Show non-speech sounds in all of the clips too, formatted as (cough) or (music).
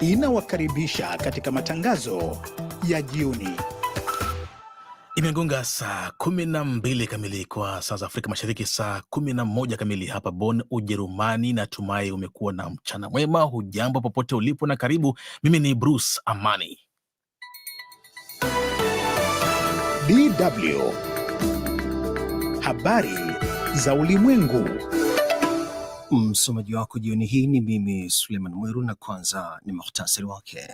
inawakaribisha katika matangazo ya jioni. Imegonga saa 12 kamili kwa saa za Afrika Mashariki, saa 11 kamili hapa bon Ujerumani. Natumai umekuwa na mchana mwema, hujambo popote ulipo na karibu. Mimi ni Bruce Amani. DW Habari za Ulimwengu. Msomaji wako jioni hii ni mimi Suleiman Mwiru, na kwanza ni muhtasari wake.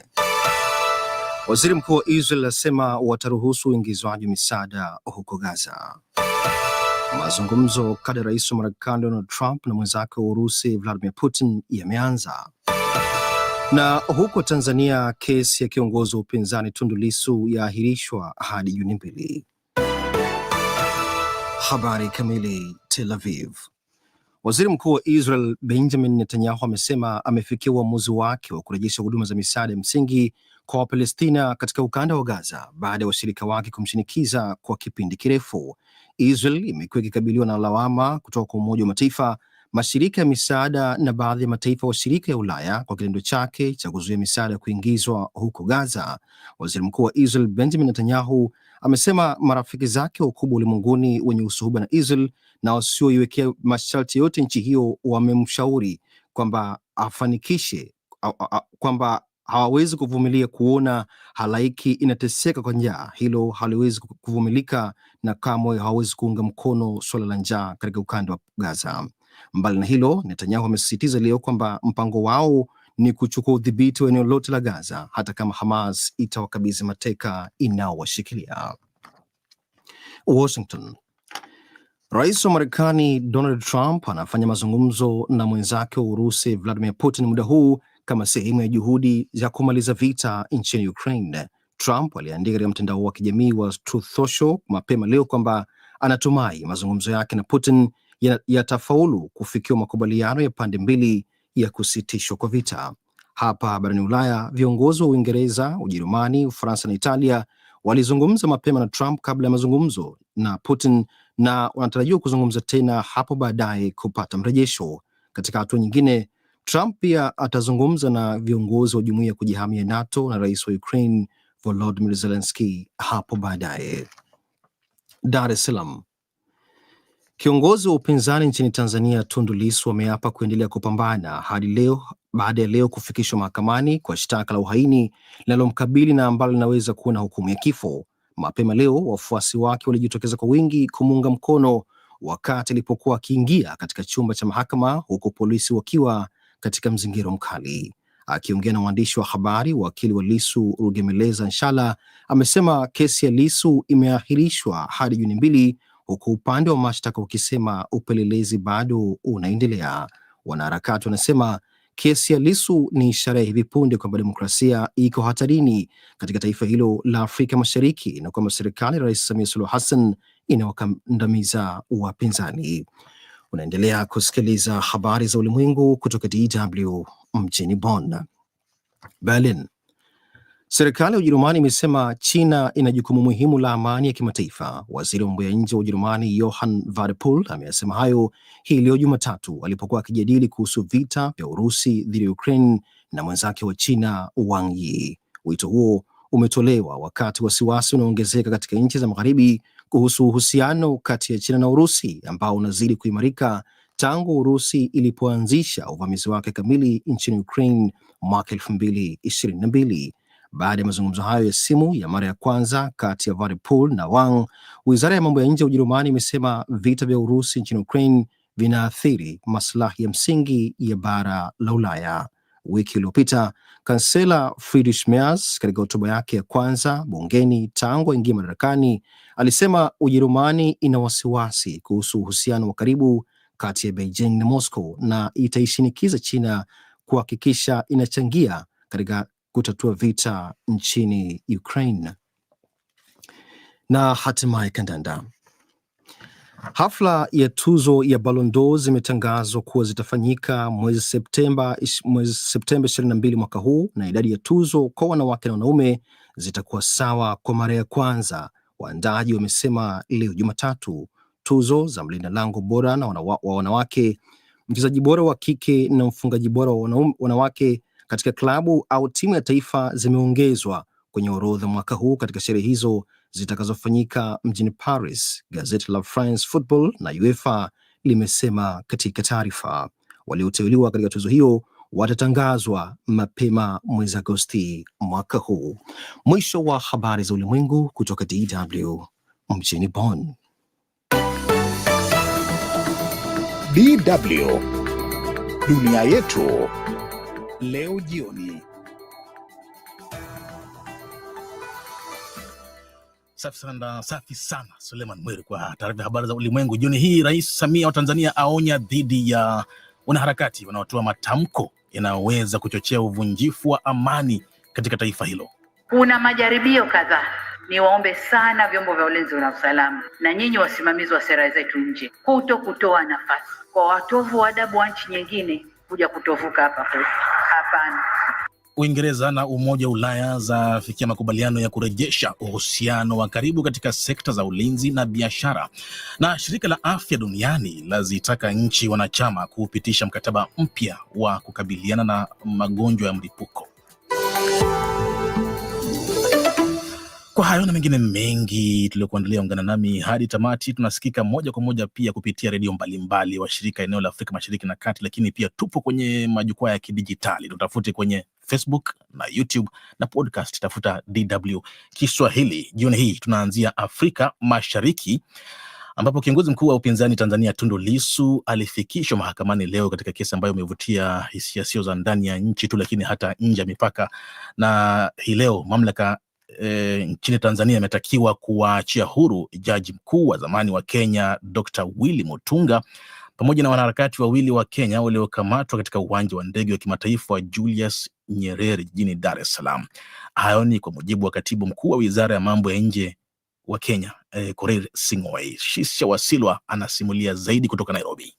Waziri Mkuu wa Israel asema wataruhusu uingizwaji misaada huko Gaza. Mazungumzo kati ya rais wa Marekani Donald Trump na mwenzake wa Urusi Vladimir Putin yameanza. Na huko Tanzania, kesi ya kiongozi wa upinzani Tundu Lissu yaahirishwa hadi Juni mbili. Habari kamili. Tel Aviv Waziri Mkuu wa Israel Benjamin Netanyahu amesema amefikia uamuzi wake wa kurejesha huduma za misaada ya msingi kwa Wapalestina katika ukanda wa Gaza baada ya washirika wake kumshinikiza kwa kipindi kirefu. Israel imekuwa ikikabiliwa na lawama kutoka kwa Umoja wa Mataifa, mashirika ya misaada na baadhi ya mataifa washirika ya Ulaya kwa kitendo chake cha kuzuia misaada kuingizwa huko Gaza. Waziri Mkuu wa Israel Benjamin Netanyahu amesema marafiki zake wakubwa ulimwenguni wenye usuhuba na Israel na wasioiwekea masharti yote nchi hiyo, wamemshauri kwamba afanikishe kwamba hawawezi kuvumilia kuona halaiki inateseka kwa njaa. Hilo haliwezi kuvumilika na kamwe hawawezi kuunga mkono suala la njaa katika ukanda wa Gaza. Mbali na hilo, Netanyahu amesisitiza leo kwamba mpango wao ni kuchukua udhibiti wa eneo lote la Gaza hata kama Hamas itawakabidhi mateka inaowashikilia. Washington Rais wa Marekani Donald Trump anafanya mazungumzo na mwenzake wa Urusi Vladimir Putin muda huu kama sehemu ya juhudi za kumaliza vita nchini Ukraine. Trump aliandika katika mtandao wa kijamii wa Truth Social mapema leo kwamba anatumai mazungumzo yake na Putin yatafaulu kufikiwa makubaliano ya pande mbili ya kusitishwa kwa vita. Hapa barani Ulaya, viongozi wa Uingereza, Ujerumani, Ufaransa na Italia walizungumza mapema na Trump kabla ya mazungumzo na Putin na wanatarajiwa kuzungumza tena hapo baadaye kupata mrejesho. Katika hatua nyingine, Trump pia atazungumza na viongozi wa jumuiya ya kujihamia NATO na rais wa Ukraine Volodymyr Zelensky hapo baadaye. Dar es Salaam, kiongozi wa upinzani nchini Tanzania Tundu Lissu ameapa kuendelea kupambana hadi leo baada ya leo kufikishwa mahakamani kwa shtaka la uhaini linalomkabili na ambalo linaweza kuwa na hukumu ya kifo. Mapema leo wafuasi wake walijitokeza kwa wingi kumuunga mkono wakati alipokuwa akiingia katika chumba cha mahakama, huku polisi wakiwa katika mzingiro mkali. Akiongea na waandishi wa habari, wakili wa Lisu Rugemeleza Nshala amesema kesi ya Lisu imeahirishwa hadi Juni mbili, huku upande wa mashtaka ukisema upelelezi bado unaendelea. Wanaharakati wanasema Kesi ya Lissu ni ishara ya hivi punde kwamba demokrasia iko hatarini katika taifa hilo la Afrika Mashariki na kwamba serikali ya Rais Samia Suluhu Hassan inawakandamiza wapinzani. Unaendelea kusikiliza habari za ulimwengu kutoka DW mjini Bonn. Berlin Serikali ya Ujerumani imesema China ina jukumu muhimu la amani ya kimataifa. Waziri wa mambo ya nje wa Ujerumani Johann Wadephul ameyasema hayo hii leo Jumatatu alipokuwa akijadili kuhusu vita vya Urusi dhidi ya Ukraine na mwenzake wa China Wang Yi. Wito huo umetolewa wakati wasiwasi unaoongezeka katika nchi za magharibi kuhusu uhusiano kati ya China na Urusi ambao unazidi kuimarika tangu Urusi ilipoanzisha uvamizi wake kamili nchini Ukraine mwaka elfu mbili ishirini na mbili. Baada ya mazungumzo hayo ya simu ya mara ya kwanza kati ya Vanderpool na Wang, wizara ya mambo ya nje ya Ujerumani imesema vita vya Urusi nchini Ukraine vinaathiri maslahi ya msingi ya bara la Ulaya. Wiki iliyopita kansela Friedrich Merz katika hotuba yake ya kwanza bungeni tangu aingia madarakani alisema Ujerumani ina wasiwasi kuhusu uhusiano wa karibu kati ya Beijing na Moscow na itaishinikiza China kuhakikisha inachangia katika kutatua vita nchini Ukraine na hatimaye kandanda. Hafla ya tuzo ya Ballon d'Or zimetangazwa kuwa zitafanyika mwezi Septemba mwezi Septemba 22 mwaka huu, na idadi ya tuzo kwa wanawake na wanaume zitakuwa sawa kwa mara ya kwanza, waandaji wamesema leo Jumatatu. Tuzo za mlinda lango bora na wa wanawake, mchezaji bora wa kike na mfungaji bora wa wanawake katika klabu au timu ya taifa zimeongezwa kwenye orodha mwaka huu katika sherehe hizo zitakazofanyika mjini Paris. Gazeti la France Football na UEFA limesema katika taarifa, walioteuliwa katika tuzo hiyo watatangazwa mapema mwezi Agosti mwaka huu. Mwisho wa habari za ulimwengu kutoka DW mjini Bonn. DW dunia yetu leo jioni. Safi sana, safi sana Suleiman Mwiri kwa taarifa ya habari za ulimwengu jioni hii. Rais Samia wa Tanzania aonya dhidi ya wanaharakati wanaotoa matamko yanayoweza kuchochea uvunjifu wa amani katika taifa hilo. Kuna majaribio kadhaa Niwaombe sana vyombo vya ulinzi na usalama na nyinyi wasimamizi wa sera zetu nje, kuto kutoa nafasi kwa watovu wa adabu wa nchi nyingine kuja kutovuka hapa kwetu sana. Uingereza na Umoja wa Ulaya zafikia makubaliano ya kurejesha uhusiano wa karibu katika sekta za ulinzi na biashara, na shirika la afya duniani lazitaka nchi wanachama kupitisha mkataba mpya wa kukabiliana na magonjwa ya mlipuko. Kwa hayo na mengine mengi tuliokuandalia, ungana nami hadi tamati. Tunasikika moja kwa moja pia kupitia redio mbalimbali washirika eneo la Afrika Mashariki na Kati, lakini pia tupo kwenye majukwaa ya kidijitali. Tutafute kwenye Facebook na YouTube na podcast, tafuta DW Kiswahili. Jioni hii tunaanzia Afrika Mashariki ambapo kiongozi mkuu wa upinzani Tanzania Tundu Lisu alifikishwa mahakamani leo katika kesi ambayo imevutia hisia sio za ndani ya nchi tu, lakini hata nje ya mipaka. Na hii leo mamlaka e, nchini Tanzania imetakiwa kuwaachia huru jaji mkuu wa zamani wa Kenya Dr. Willy Mutunga pamoja na wanaharakati wawili wa Kenya waliokamatwa katika uwanja wa ndege wa kimataifa wa Julius Nyerere jijini Dar es Salaam. Hayo ni kwa mujibu wa katibu mkuu wa wizara ya mambo ya nje wa Kenya eh, Korir Sing'oei. Shisha Wasilwa anasimulia zaidi kutoka Nairobi.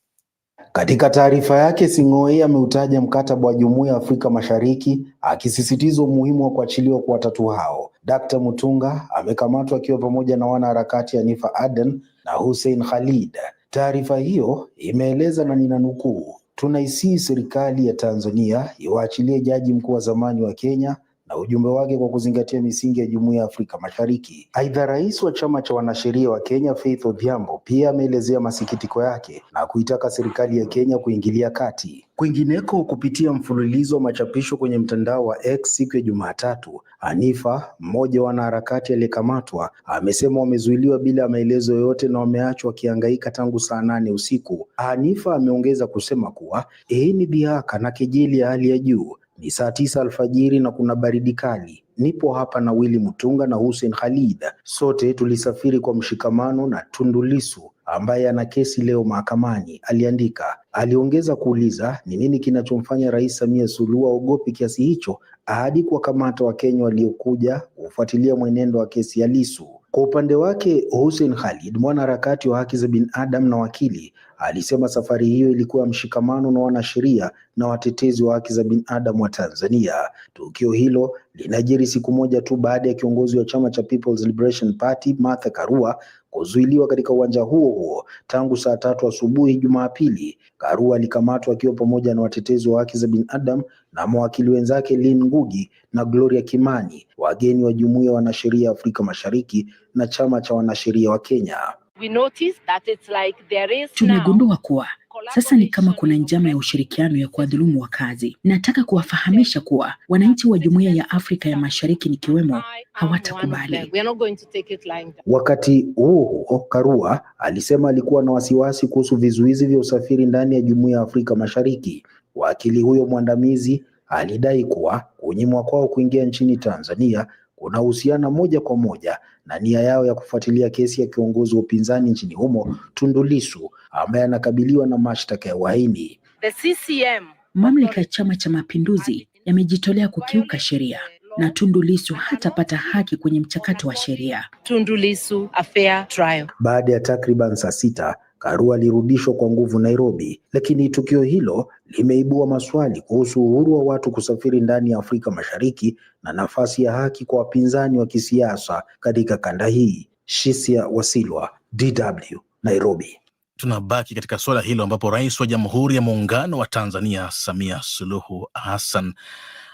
Katika taarifa yake, Sing'oei ameutaja mkataba wa Jumuiya ya Afrika Mashariki, akisisitiza umuhimu wa kuachiliwa kwa watatu hao. Dr. Mutunga amekamatwa akiwa pamoja na wanaharakati Hanifa Aden na Hussein Khalid. Taarifa hiyo imeeleza na ninanukuu, tunaisii serikali ya Tanzania iwaachilie jaji mkuu wa zamani wa Kenya na ujumbe wake kwa kuzingatia misingi ya Jumuiya ya Afrika Mashariki. Aidha, rais wa chama cha wanasheria wa Kenya Faith Odhiambo pia ameelezea masikitiko yake na kuitaka serikali ya Kenya kuingilia kati. Kwingineko, kupitia mfululizo wa machapisho kwenye mtandao wa X siku ya Jumatatu, anifa mmoja wa wanaharakati aliyekamatwa, amesema wamezuiliwa bila maelezo yoyote na wameachwa wakihangaika tangu saa nane usiku. Hanifa ameongeza kusema kuwa hii ni dhihaka na kejeli ya hali ya juu ni saa tisa alfajiri na kuna baridi kali. Nipo hapa na Willy Mutunga na Hussein Khalid. Sote tulisafiri kwa mshikamano na Tundu Lissu ambaye ana kesi leo mahakamani, aliandika. Aliongeza kuuliza ni nini kinachomfanya Rais Samia Suluhu aogopi kiasi hicho hadi kuwakamata Wakenya waliokuja kufuatilia mwenendo wa kesi ya Lissu. Kwa upande wake Hussein Khalid, mwanaharakati wa haki za binadamu na wakili, alisema safari hiyo ilikuwa ya mshikamano na wanasheria na watetezi wa haki za binadamu wa Tanzania. Tukio hilo linajiri siku moja tu baada ya kiongozi wa chama cha People's Liberation Party Martha Karua kuzuiliwa katika uwanja huo huo tangu saa tatu asubuhi Jumapili. Karua alikamatwa akiwa pamoja na watetezi wa haki za binadamu na mawakili wenzake lin Ngugi na Gloria Kimani, wageni wa Jumuiya ya Wanasheria Afrika Mashariki na Chama cha Wanasheria wa Kenya. We notice that it's like there is now... Tumegundua kuwa sasa ni kama kuna njama ya ushirikiano ya kuwadhulumu wakazi. Nataka kuwafahamisha kuwa wananchi wa Jumuiya ya Afrika ya Mashariki nikiwemo hawatakubali. Wakati huo huo, Karua alisema alikuwa na wasiwasi kuhusu vizuizi vya usafiri ndani ya Jumuiya ya Afrika Mashariki. Wakili huyo mwandamizi alidai kuwa kunyimwa kwao kuingia nchini Tanzania kuna uhusiana moja kwa moja na nia yao ya kufuatilia kesi ya kiongozi wa upinzani nchini humo Tundu Lissu ambaye anakabiliwa na mashtaka ya uhaini. Mamlaka ya Chama cha Mapinduzi yamejitolea kukiuka sheria na Tundu Lissu hatapata haki kwenye mchakato wa sheria. Tundu Lissu a fair trial. Baada ya takriban saa sita Karua alirudishwa kwa nguvu Nairobi, lakini tukio hilo limeibua maswali kuhusu uhuru wa watu kusafiri ndani ya Afrika Mashariki na nafasi ya haki kwa wapinzani wa kisiasa katika kanda hii. Shisia Wasilwa, DW, Nairobi. Tunabaki katika suala hilo ambapo Rais wa Jamhuri ya Muungano wa Tanzania Samia Suluhu Hassan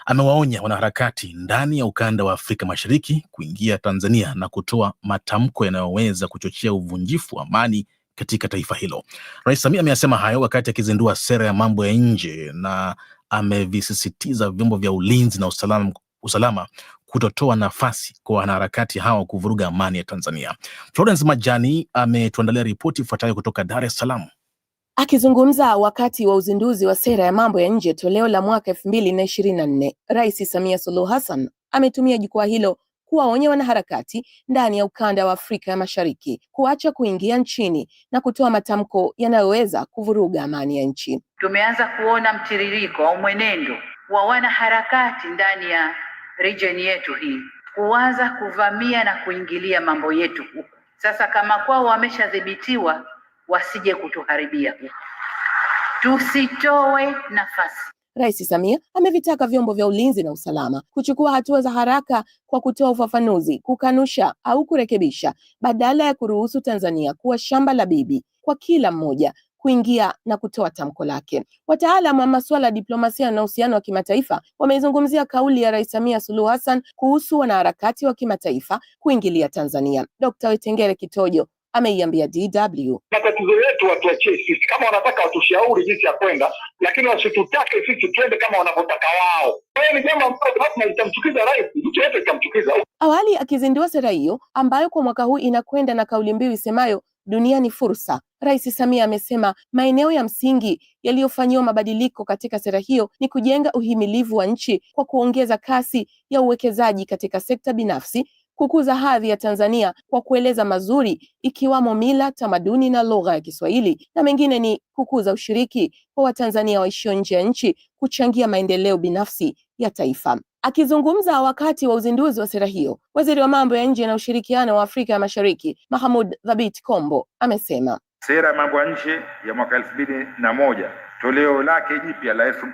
amewaonya wanaharakati ndani ya ukanda wa Afrika Mashariki kuingia Tanzania na kutoa matamko yanayoweza kuchochea uvunjifu wa amani katika taifa hilo. Rais Samia ameyasema hayo wakati akizindua sera ya mambo ya nje na amevisisitiza vyombo vya ulinzi na usalama, usalama kutotoa nafasi kwa wanaharakati hawa kuvuruga amani ya Tanzania. Florence Majani ametuandalia ripoti ifuatayo kutoka Dar es Salaam. Akizungumza wakati wa uzinduzi wa sera ya mambo ya nje toleo la mwaka elfu mbili na ishirini na nne, Rais Samia Suluhu Hassan ametumia jukwaa hilo kuwaonya wanaharakati ndani ya ukanda wa Afrika ya Mashariki kuacha kuingia nchini na kutoa matamko yanayoweza kuvuruga amani ya nchi. Tumeanza kuona mtiririko au mwenendo wa wanaharakati ndani ya region yetu hii kuanza kuvamia na kuingilia mambo yetu huku. Sasa kama kwao wameshadhibitiwa, wasije kutuharibia huku, tusitoe nafasi Rais Samia amevitaka vyombo vya ulinzi na usalama kuchukua hatua za haraka kwa kutoa ufafanuzi, kukanusha au kurekebisha, badala ya kuruhusu Tanzania kuwa shamba la bibi kwa kila mmoja kuingia na kutoa tamko lake. Wataalamu wa masuala ya diplomasia na uhusiano wa kimataifa wameizungumzia kauli ya Rais Samia Suluhu Hassan kuhusu wanaharakati wa kimataifa kuingilia Tanzania. Dr. Wetengere Kitojo ameiambia DW. Matatizo yetu watuachie sisi, kama wanataka watushauri jinsi ya kwenda, lakini wasitutake sisi twende kama wanavyotaka wao. ni jambo ambalo litamchukiza rais, nchi yetu itamchukiza. Awali akizindua sera hiyo ambayo kwa mwaka huu inakwenda na kauli mbiu isemayo dunia ni fursa, Rais Samia amesema maeneo ya msingi yaliyofanyiwa mabadiliko katika sera hiyo ni kujenga uhimilivu wa nchi kwa kuongeza kasi ya uwekezaji katika sekta binafsi kukuza hadhi ya Tanzania kwa kueleza mazuri ikiwamo mila, tamaduni na lugha ya Kiswahili, na mengine ni kukuza ushiriki kwa Watanzania waishio nje ya nchi kuchangia maendeleo binafsi ya taifa. Akizungumza wakati wa uzinduzi wa sera hiyo, waziri wa mambo ya nje na ushirikiano wa Afrika ya Mashariki Mahamud Thabit Kombo amesema sera ya mambo ya nje ya mwaka elfu mbili na moja Toleo lake jipya la elfu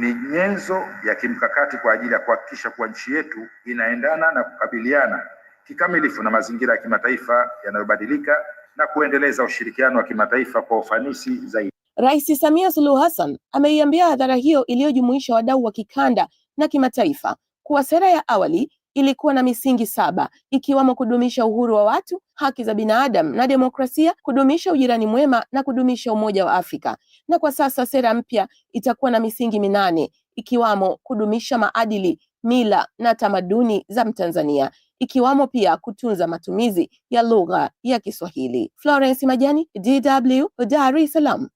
ni nyenzo ya kimkakati kwa ajili ya kuhakikisha kuwa nchi yetu inaendana na kukabiliana kikamilifu na mazingira ya kimataifa yanayobadilika na kuendeleza ushirikiano wa kimataifa kwa ufanisi zaidi. Rais Samia Suluhu Hassan ameiambia hadhara hiyo iliyojumuisha wadau wa kikanda na kimataifa kuwa sera ya awali ilikuwa na misingi saba ikiwamo kudumisha uhuru wa watu, haki za binadamu na demokrasia, kudumisha ujirani mwema na kudumisha umoja wa Afrika. Na kwa sasa sera mpya itakuwa na misingi minane ikiwamo kudumisha maadili, mila na tamaduni za Mtanzania ikiwamo pia kutunza matumizi ya lugha ya Kiswahili. Florence Majani, DW, Dar es Salaam.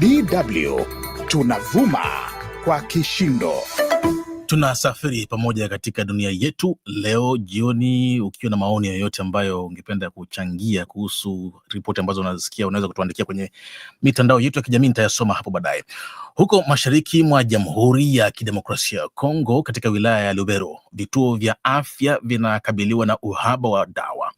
DW tunavuma kwa kishindo. Tunasafiri pamoja katika dunia yetu leo jioni. Ukiwa na maoni yoyote ambayo ungependa kuchangia kuhusu ripoti ambazo unazisikia, unaweza kutuandikia kwenye mitandao yetu ya kijamii, nitayasoma hapo baadaye. Huko mashariki mwa Jamhuri ya Kidemokrasia ya Kongo, katika wilaya ya Lubero, vituo vya afya vinakabiliwa na uhaba wa dawa.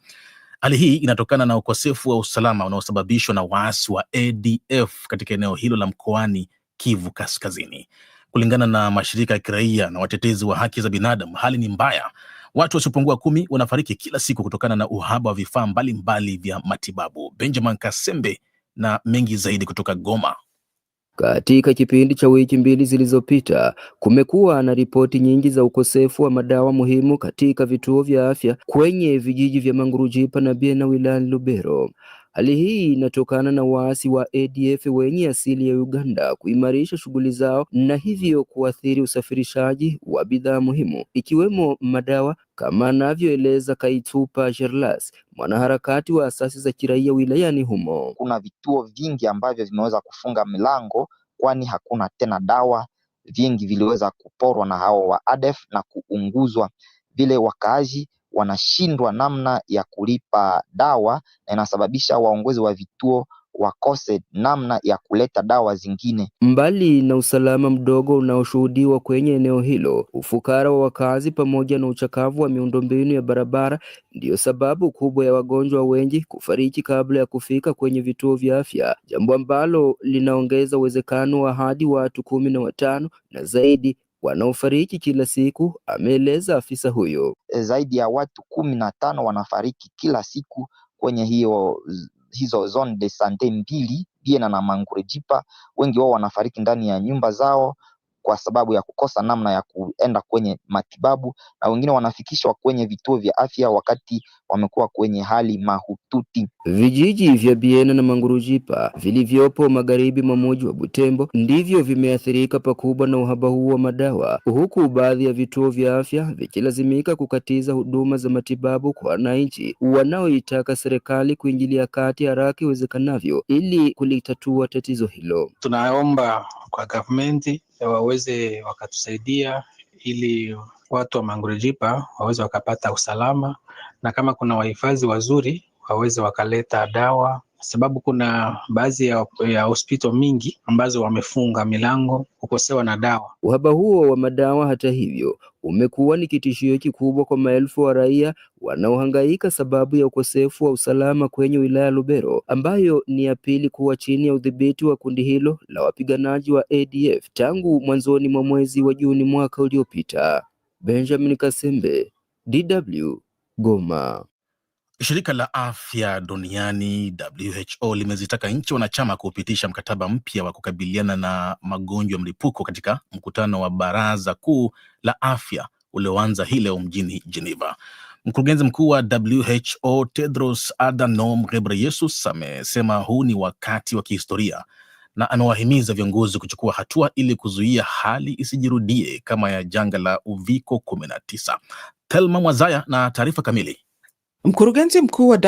Hali hii inatokana na ukosefu wa usalama unaosababishwa na waasi wa ADF katika eneo hilo la mkoani Kivu Kaskazini. Kulingana na mashirika ya kiraia na watetezi wa haki za binadamu, hali ni mbaya. Watu wasiopungua kumi wanafariki kila siku kutokana na uhaba wa vifaa mbalimbali vya matibabu. Benjamin Kasembe na mengi zaidi kutoka Goma. Katika kipindi cha wiki mbili zilizopita kumekuwa na ripoti nyingi za ukosefu wa madawa muhimu katika vituo vya afya kwenye vijiji vya Mangurujipa na Biena wilayani Lubero. Hali hii inatokana na waasi wa ADF wenye asili ya Uganda kuimarisha shughuli zao na hivyo kuathiri usafirishaji wa bidhaa muhimu ikiwemo madawa, kama anavyoeleza Kaitupa Sherlas, mwanaharakati wa asasi za kiraia wilayani humo. Kuna vituo vingi ambavyo vimeweza kufunga milango, kwani hakuna tena dawa. Vingi viliweza kuporwa na hao wa ADF na kuunguzwa, vile wakaazi wanashindwa namna ya kulipa dawa na inasababisha waongozi wa vituo wakose namna ya kuleta dawa zingine. Mbali na usalama mdogo unaoshuhudiwa kwenye eneo hilo, ufukara wa wakazi pamoja na uchakavu wa miundombinu ya barabara ndiyo sababu kubwa ya wagonjwa wengi kufariki kabla ya kufika kwenye vituo vya afya, jambo ambalo linaongeza uwezekano wa hadi watu kumi na watano na zaidi wanaofariki kila siku, ameeleza afisa huyo. E, zaidi ya watu kumi na tano wanafariki kila siku kwenye hiyo hizo zone de sante mbili Biena na Mangurejipa. Wengi wao wanafariki ndani ya nyumba zao kwa sababu ya kukosa namna ya kuenda kwenye matibabu na wengine wanafikishwa kwenye vituo vya afya wakati wamekuwa kwenye hali mahututi. Vijiji vya Biena na Mangurujipa vilivyopo magharibi mwa mji wa Butembo ndivyo vimeathirika pakubwa na uhaba huu wa madawa, huku baadhi ya vituo vya afya vikilazimika kukatiza huduma za matibabu kwa wananchi wanaoitaka serikali kuingilia kati haraka iwezekanavyo ili kulitatua tatizo hilo. Tunaomba kwa gavumenti Eh, waweze wakatusaidia ili watu wa Mangurejipa waweze wakapata usalama, na kama kuna wahifadhi wazuri waweze wakaleta dawa sababu kuna baadhi ya, ya hospitali mingi ambazo wamefunga milango kukosewa na dawa. Uhaba huo wa madawa hata hivyo umekuwa ni kitishio kikubwa kwa maelfu wa raia wanaohangaika sababu ya ukosefu wa usalama kwenye wilaya ya Lubero ambayo ni ya pili kuwa chini ya udhibiti wa kundi hilo la wapiganaji wa ADF tangu mwanzoni mwa mwezi wa Juni mwaka uliopita. Benjamin Kasembe, DW, Goma. Shirika la afya duniani WHO limezitaka nchi wanachama kupitisha mkataba mpya wa kukabiliana na magonjwa ya mlipuko katika mkutano wa baraza kuu la afya ulioanza hii leo mjini Geneva. Mkurugenzi mkuu wa WHO Tedros Adhanom Ghebreyesus amesema huu ni wakati wa kihistoria na anawahimiza viongozi kuchukua hatua ili kuzuia hali isijirudie kama ya janga la uviko 19. Telma Mwazaya na taarifa kamili. Mkurugenzi mkuu wa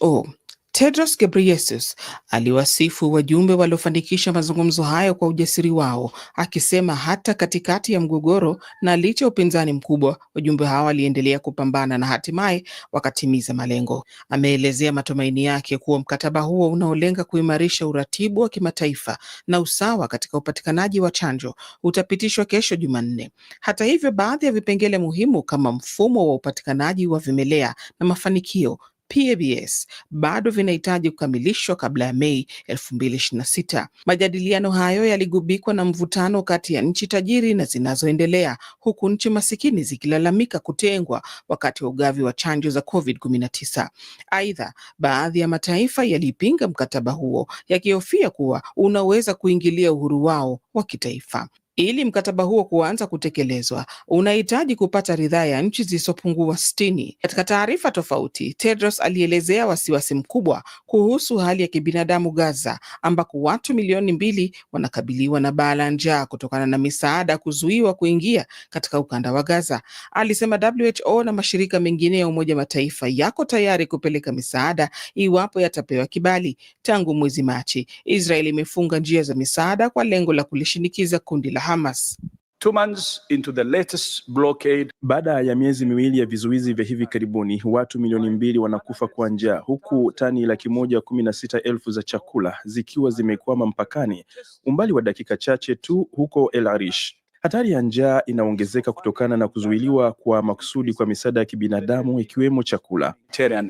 WHO Tedros Ghebreyesus aliwasifu wajumbe waliofanikisha mazungumzo hayo kwa ujasiri wao, akisema hata katikati ya mgogoro na licha ya upinzani mkubwa, wajumbe hao waliendelea kupambana na hatimaye wakatimiza malengo. Ameelezea matumaini yake kuwa mkataba huo unaolenga kuimarisha uratibu wa kimataifa na usawa katika upatikanaji wa chanjo utapitishwa kesho Jumanne. Hata hivyo, baadhi ya vipengele muhimu kama mfumo wa upatikanaji wa vimelea na mafanikio PABS bado vinahitaji kukamilishwa kabla ya Mei 2026. Majadiliano hayo yaligubikwa na mvutano kati ya nchi tajiri na zinazoendelea, huku nchi masikini zikilalamika kutengwa wakati wa ugavi wa chanjo za COVID-19. Aidha, baadhi ya mataifa yalipinga mkataba huo yakihofia kuwa unaweza kuingilia uhuru wao wa kitaifa. Ili mkataba huo kuanza kutekelezwa unahitaji kupata ridhaa ya nchi zisizopungua sitini. Katika taarifa tofauti, Tedros alielezea wasiwasi mkubwa kuhusu hali ya kibinadamu Gaza, ambako watu milioni mbili wanakabiliwa na baa la njaa kutokana na misaada kuzuiwa kuingia katika ukanda wa Gaza. Alisema WHO na mashirika mengine ya Umoja Mataifa yako tayari kupeleka misaada iwapo yatapewa kibali. Tangu mwezi Machi, Israeli imefunga njia za misaada kwa lengo la kulishinikiza kundi la Hamas. Two months into the latest blockade. Baada ya miezi miwili ya vizuizi vya hivi karibuni, watu milioni mbili wanakufa kwa njaa, huku tani laki moja kumi na sita elfu za chakula zikiwa zimekwama mpakani, umbali wa dakika chache tu huko El Arish. Hatari ya njaa inaongezeka kutokana na kuzuiliwa kwa makusudi kwa misaada ya kibinadamu ikiwemo chakula.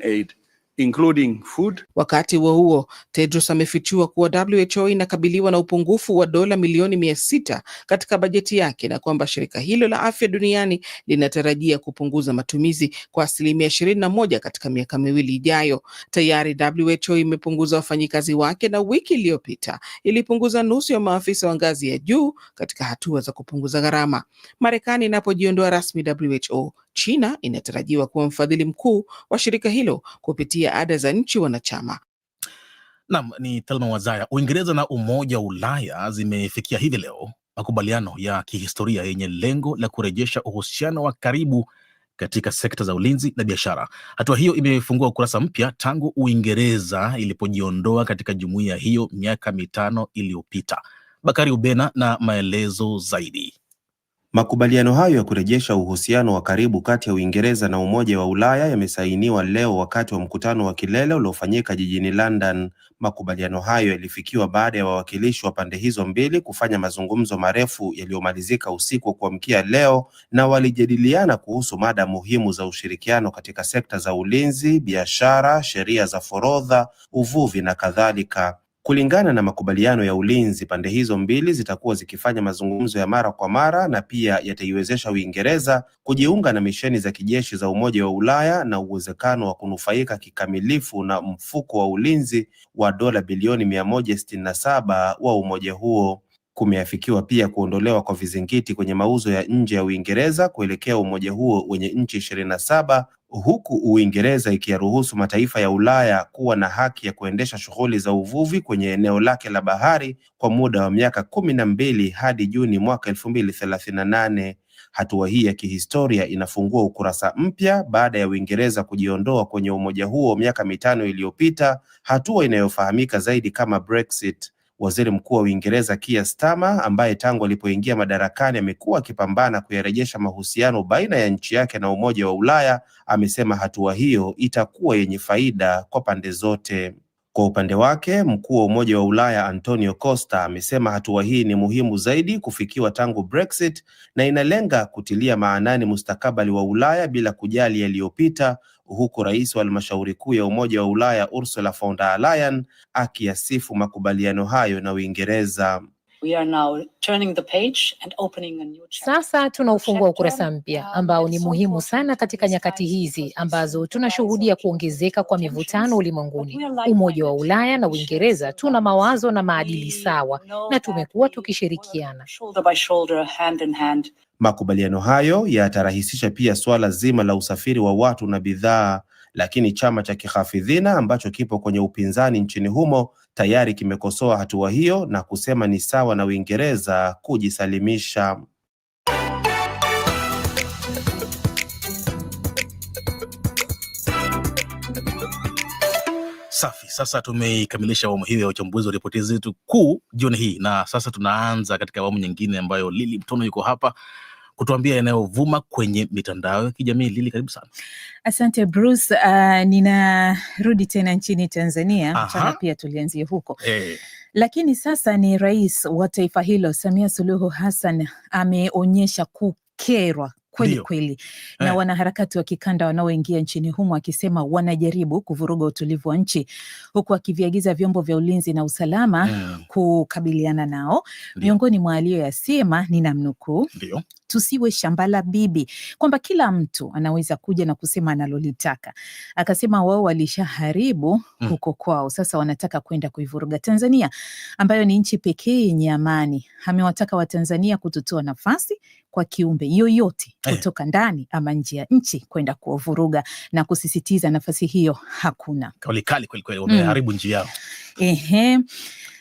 Aid including food. Wakati huo huo, Tedros amefichua kuwa WHO inakabiliwa na upungufu wa dola milioni mia sita katika bajeti yake na kwamba shirika hilo la afya duniani linatarajia kupunguza matumizi kwa asilimia ishirini na moja katika miaka miwili ijayo. Tayari WHO imepunguza wafanyikazi wake na wiki iliyopita ilipunguza nusu ya maafisa wa ngazi ya juu katika hatua za kupunguza gharama. Marekani inapojiondoa rasmi WHO China inatarajiwa kuwa mfadhili mkuu wa shirika hilo kupitia ada za nchi wanachama. Nam ni Thelma Wazaya. Uingereza na Umoja wa Ulaya zimefikia hivi leo makubaliano ya kihistoria yenye lengo la kurejesha uhusiano wa karibu katika sekta za ulinzi na biashara. Hatua hiyo imefungua ukurasa mpya tangu Uingereza ilipojiondoa katika jumuiya hiyo miaka mitano iliyopita. Bakari Ubena na maelezo zaidi. Makubaliano hayo ya kurejesha uhusiano wa karibu kati ya Uingereza na Umoja wa Ulaya yamesainiwa leo wakati wa mkutano wa kilele uliofanyika jijini London. Makubaliano hayo yalifikiwa baada ya wawakilishi wa pande hizo mbili kufanya mazungumzo marefu yaliyomalizika usiku wa kuamkia leo na walijadiliana kuhusu mada muhimu za ushirikiano katika sekta za ulinzi, biashara, sheria za forodha, uvuvi na kadhalika. Kulingana na makubaliano ya ulinzi, pande hizo mbili zitakuwa zikifanya mazungumzo ya mara kwa mara na pia yataiwezesha Uingereza kujiunga na misheni za kijeshi za Umoja wa Ulaya na uwezekano wa kunufaika kikamilifu na mfuko wa ulinzi wa dola bilioni mia moja sitini na saba wa umoja huo. Kumeafikiwa pia kuondolewa kwa vizingiti kwenye mauzo ya nje ya Uingereza kuelekea umoja huo wenye nchi ishirini na saba huku Uingereza ikiyaruhusu mataifa ya Ulaya kuwa na haki ya kuendesha shughuli za uvuvi kwenye eneo lake la bahari kwa muda wa miaka kumi na mbili hadi Juni mwaka elfu mbili thelathini na nane. Hatua hii ya kihistoria inafungua ukurasa mpya baada ya Uingereza kujiondoa kwenye umoja huo miaka mitano iliyopita, hatua inayofahamika zaidi kama Brexit. Waziri Mkuu wa Uingereza Keir Starmer, ambaye tangu alipoingia madarakani amekuwa akipambana kuyarejesha mahusiano baina ya nchi yake na Umoja wa Ulaya, amesema hatua hiyo itakuwa yenye faida kwa pande zote. Kwa upande wake, mkuu wa Umoja wa Ulaya Antonio Costa amesema hatua hii ni muhimu zaidi kufikiwa tangu Brexit na inalenga kutilia maanani mustakabali wa Ulaya bila kujali yaliyopita huku rais wa halmashauri kuu ya Umoja wa Ulaya Ursula von der Leyen akiyasifu makubaliano hayo na Uingereza. We are now turning the page and opening a new chapter. Sasa tunaufungua ukurasa mpya uh, ambao ni muhimu sana katika nyakati hizi ambazo tunashuhudia kuongezeka kwa mivutano ulimwenguni. Umoja wa Ulaya na Uingereza tuna mawazo na maadili sawa na tumekuwa tukishirikiana. Makubaliano hayo yatarahisisha pia suala zima la usafiri wa watu na bidhaa lakini chama cha kihafidhina ambacho kipo kwenye upinzani nchini humo tayari kimekosoa hatua hiyo na kusema ni sawa na Uingereza kujisalimisha. Safi. Sasa tumeikamilisha awamu hiyo ya uchambuzi wa ripoti zetu kuu jioni hii, na sasa tunaanza katika awamu nyingine ambayo Lili Mtono yuko hapa kutuambia yanayovuma kwenye mitandao ya kijamii. Lili, karibu sana. Asante Bruce. Uh, ninarudi tena nchini Tanzania, mchana, pia tulianzie huko hey. Eh. Lakini sasa ni rais wa taifa hilo Samia Suluhu Hassan ameonyesha kukerwa kweli kweli eh. na wanaharakati wa kikanda wanaoingia nchini humo, akisema wanajaribu kuvuruga utulivu wa nchi, huku akiviagiza vyombo vya ulinzi na usalama eh. kukabiliana nao. Miongoni mwa aliyoyasema ni namnukuu: tusiwe shamba la bibi, kwamba kila mtu anaweza kuja na kusema analolitaka. Akasema wao walishaharibu mm. huko kwao, sasa wanataka kwenda kuivuruga Tanzania ambayo ni nchi pekee yenye amani. Amewataka Watanzania kutotoa nafasi kwa kiumbe yoyote eh. kutoka eh, ndani ama nje ya nchi kwenda kuwavuruga na kusisitiza nafasi hiyo hakuna. Kauli kali kweli, mm. wameharibu mm. nchi yao. Ehe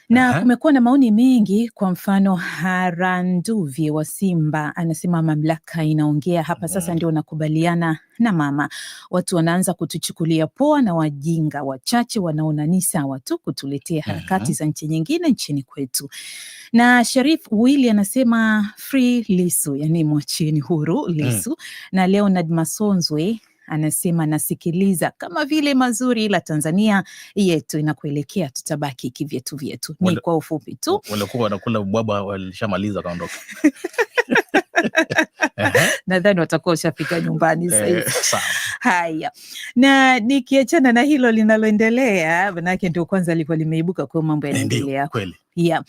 na -huh. Kumekuwa na maoni mengi. Kwa mfano, Haranduvye wa Simba anasema mamlaka inaongea hapa sasa, ndio nakubaliana na mama, watu wanaanza kutuchukulia poa na wajinga wachache wanaona ni sawa tu kutuletea harakati za nchi nyingine nchini kwetu. Na Sharif Willi anasema free Lisu, yani mwacheni huru mm. Lisu. Na Leonard Masonzwe anasema nasikiliza kama vile mazuri, ila Tanzania yetu inakuelekea tutabaki kivyetu vyetu. Ni kwa ufupi tu, walikuwa wanakula bwabwa, walishamaliza wakaondoka. (laughs) Nadhani watakuwa ushafika nyumbani eh, sasa. Haya, na nikiachana na hilo linaloendelea, manake ndio kwanza likuwa limeibuka kwa mambo eh, yanaendelea kweli, yeah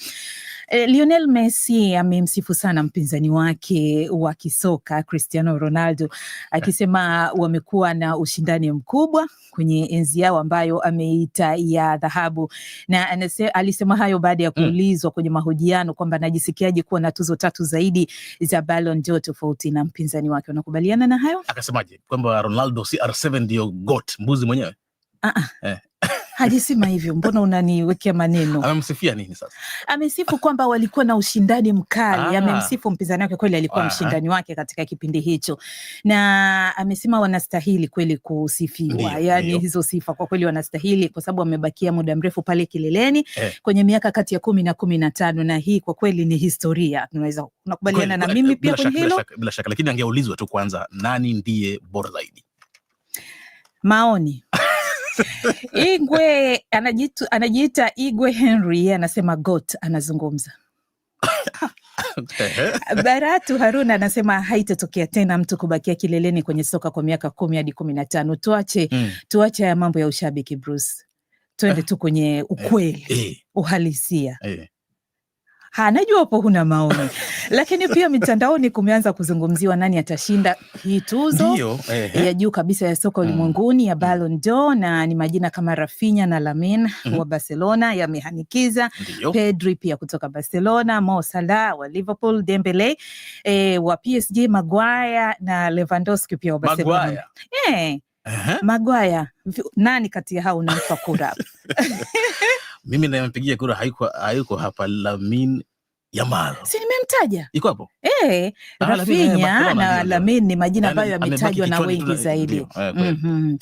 Eh, Lionel Messi amemsifu sana mpinzani wake wa kisoka Cristiano Ronaldo akisema wamekuwa na ushindani mkubwa kwenye enzi yao ambayo ameita ya dhahabu, na anase, alisema hayo baada ya mm. kuulizwa kwenye mahojiano kwamba anajisikiaje kuwa na tuzo tatu zaidi za Ballon d'Or tofauti na mpinzani wake. Unakubaliana na hayo? Akasemaje kwamba Ronaldo CR7 ndio goat mbuzi mwenyewe? ah -ah. Eh. (laughs) hajisema hivyo, mbona unaniwekea maneno? Amemsifia nini sasa? Amesifu kwamba walikuwa na ushindani mkali. Ah. Amemsifu mpinzani wake, kweli alikuwa Aha. mshindani wake katika kipindi hicho, na amesema wanastahili kweli kusifiwa, yaani hizo sifa kwa kweli wanastahili, kwa sababu wamebakia muda mrefu pale kileleni eh. kwenye miaka kati ya kumi na kumi na tano, na hii kwa kweli ni historia. Tunaweza unakubaliana na mimi pia kwenye hilo? Bila shaka, lakini angeulizwa tu kwanza, nani ndiye bora zaidi? Maoni (laughs) (laughs) Igwe anajitu, anajiita Igwe Henry, yeye anasema got anazungumza (laughs) Baratu Haruna anasema haitatokea tena mtu kubakia kileleni kwenye soka kwa miaka kumi hadi kumi na tano. Tuache mm. tuache haya mambo ya ushabiki Bruce, twende tu kwenye ukweli eh, eh. uhalisia eh. Ha, najua hapo huna maoni (laughs) lakini pia mitandaoni kumeanza kuzungumziwa nani atashinda hii tuzo Dio, eh, ya juu kabisa ya soka mm. ulimwenguni mm, ya Ballon d'Or na ni majina kama Rafinha na Lamine mm, wa Barcelona yamehanikiza, Pedri pia kutoka Barcelona, Mo Salah wa Liverpool, Dembele eh, wa PSG, Maguire na Lewandowski pia wa Barcelona Maguire eh. nani kati ya hao unampa kura? (laughs) mimi nayempigia kura hayuko hapa Lamin Yamal. Si nimemtaja. Iko hapo? Eh, ah, Rafinha na Lamin ni majina ambayo yametajwa na wengi zaidi. Eh, mhm.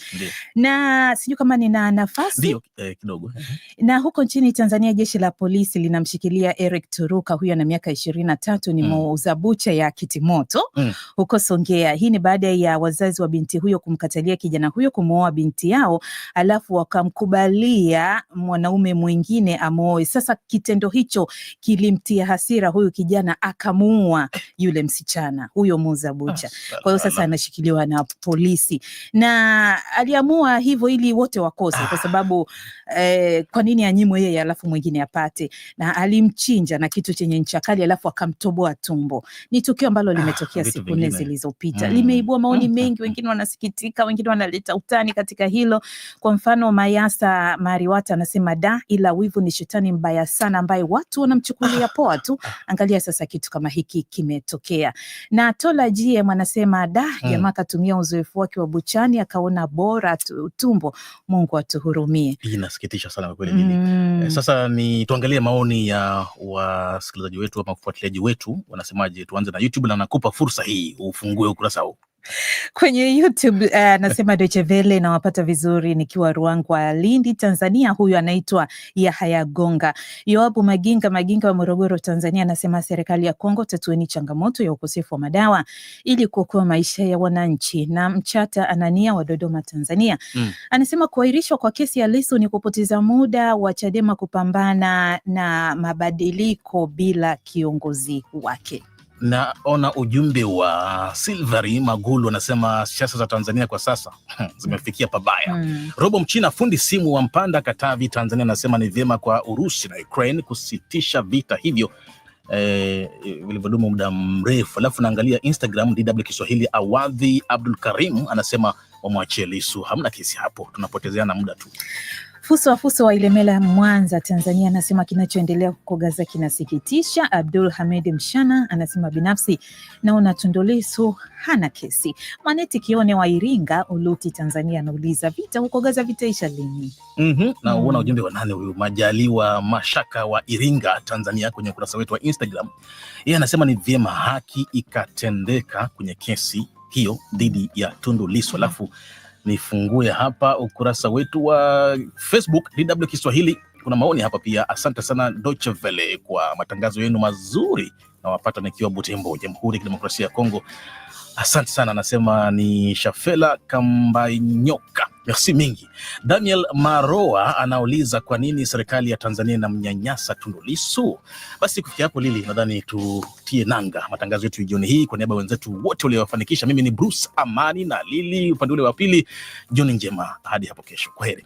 Na sijui kama nina nafasi. Ndio, eh, kidogo. Mhm. Na huko nchini Tanzania jeshi la polisi linamshikilia Eric Turuka huyo ana miaka ishirini na tatu ni mm. muuza bucha ya kitimoto mm. huko Songea. Hii ni baada ya wazazi wa binti huyo kumkatalia kijana huyo kumwoa binti yao alafu wakamkubalia mwanaume mwingine amwoe. Sasa kitendo hicho kilimtia hasira huyu kijana akamuua yule msichana huyo muuza bucha. Ah, kwa hiyo sasa anashikiliwa na polisi na aliamua hivyo ili wote wakose, kwa ah. sababu eh, kwa nini anyimwe yeye alafu mwingine apate? Na alimchinja na kitu chenye ncha kali alafu akamtoboa tumbo. Ni tukio ambalo ah, limetokea ah, siku nne zilizopita, mm. limeibua maoni mm. mengi, wengine wanasikitika, wengine wanaleta utani katika hilo. Kwa mfano Mayasa Mariwata anasema da, ila wivu ni shetani mbaya sana ambaye watu wanamchukulia poa tu. Angalia sasa kitu kama hiki kimetokea. Na Tola GM anasema da, hmm. jamaa akatumia uzoefu wake wa buchani akaona bora tumbo. Mungu atuhurumie. Inasikitisha sana kwa kweli. Mm. Eh, sasa ni tuangalie maoni ya wasikilizaji wetu ama wafuatiliaji wetu wanasemaje. Tuanze na YouTube na nakupa fursa hii ufungue ukurasa huu. Kwenye YouTube uh, eh, nasema Deutsche Welle nawapata vizuri nikiwa Ruangwa, Lindi, Tanzania. Huyu anaitwa Yahaya Gonga. Yoabu Maginga Maginga wa Morogoro, Tanzania, anasema serikali ya Kongo, tatueni changamoto ya ukosefu wa madawa ili kuokoa maisha ya wananchi. Na Mchata Anania wa Dodoma, Tanzania, mm. anasema kuahirishwa kwa kesi ya Lissu ni kupoteza muda wa Chadema kupambana na mabadiliko bila kiongozi wake. Naona ujumbe wa Silvery Magulu anasema siasa za Tanzania kwa sasa hmm, zimefikia pabaya. Mm. Robo Mchina, fundi simu wa Mpanda, Katavi, Tanzania, anasema ni vyema kwa Urusi na Ukraine kusitisha vita hivyo eh, eh vilivyodumu muda mrefu. Alafu naangalia Instagram DW Kiswahili, Awadhi Abdul Karim anasema wamwachie Lisu, hamna kesi hapo, tunapotezeana muda tu. Fuso wa Fuso wa Ilemela, Mwanza, Tanzania, anasema kinachoendelea huko Gaza kinasikitisha. Abdul hamed Mshana anasema binafsi naona Tundu Lissu hana kesi. Maneti Kione wa Iringa Uluti, Tanzania, anauliza vita huko Gaza vitaisha lini? Mhm, mm -hmm. na uona ujumbe wa nane huyu Majaliwa Mashaka wa Iringa, Tanzania, kwenye ukurasa wetu wa Instagram. Yeye anasema ni vyema haki ikatendeka kwenye kesi hiyo dhidi ya Tundu Lissu alafu mm -hmm nifungue hapa ukurasa wetu wa Facebook DW Kiswahili. Kuna maoni hapa pia. Asante sana Deutsche Welle kwa matangazo yenu mazuri, nawapata nikiwa Butembo, Jamhuri ya Kidemokrasia ya Kongo. Asante sana, anasema ni Shafela Kambanyoka. Merci mingi. Daniel Maroa anauliza kwa nini serikali ya Tanzania inamnyanyasa Tundu Lissu? Basi kufikia hapo, Lili, nadhani tutie nanga matangazo yetu jioni hii. Kwa niaba ya wenzetu wote waliowafanikisha, mimi ni Bruce Amani na Lili upande ule wa pili. Jioni njema, hadi hapo kesho, kwa heri.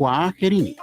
Quaquerini.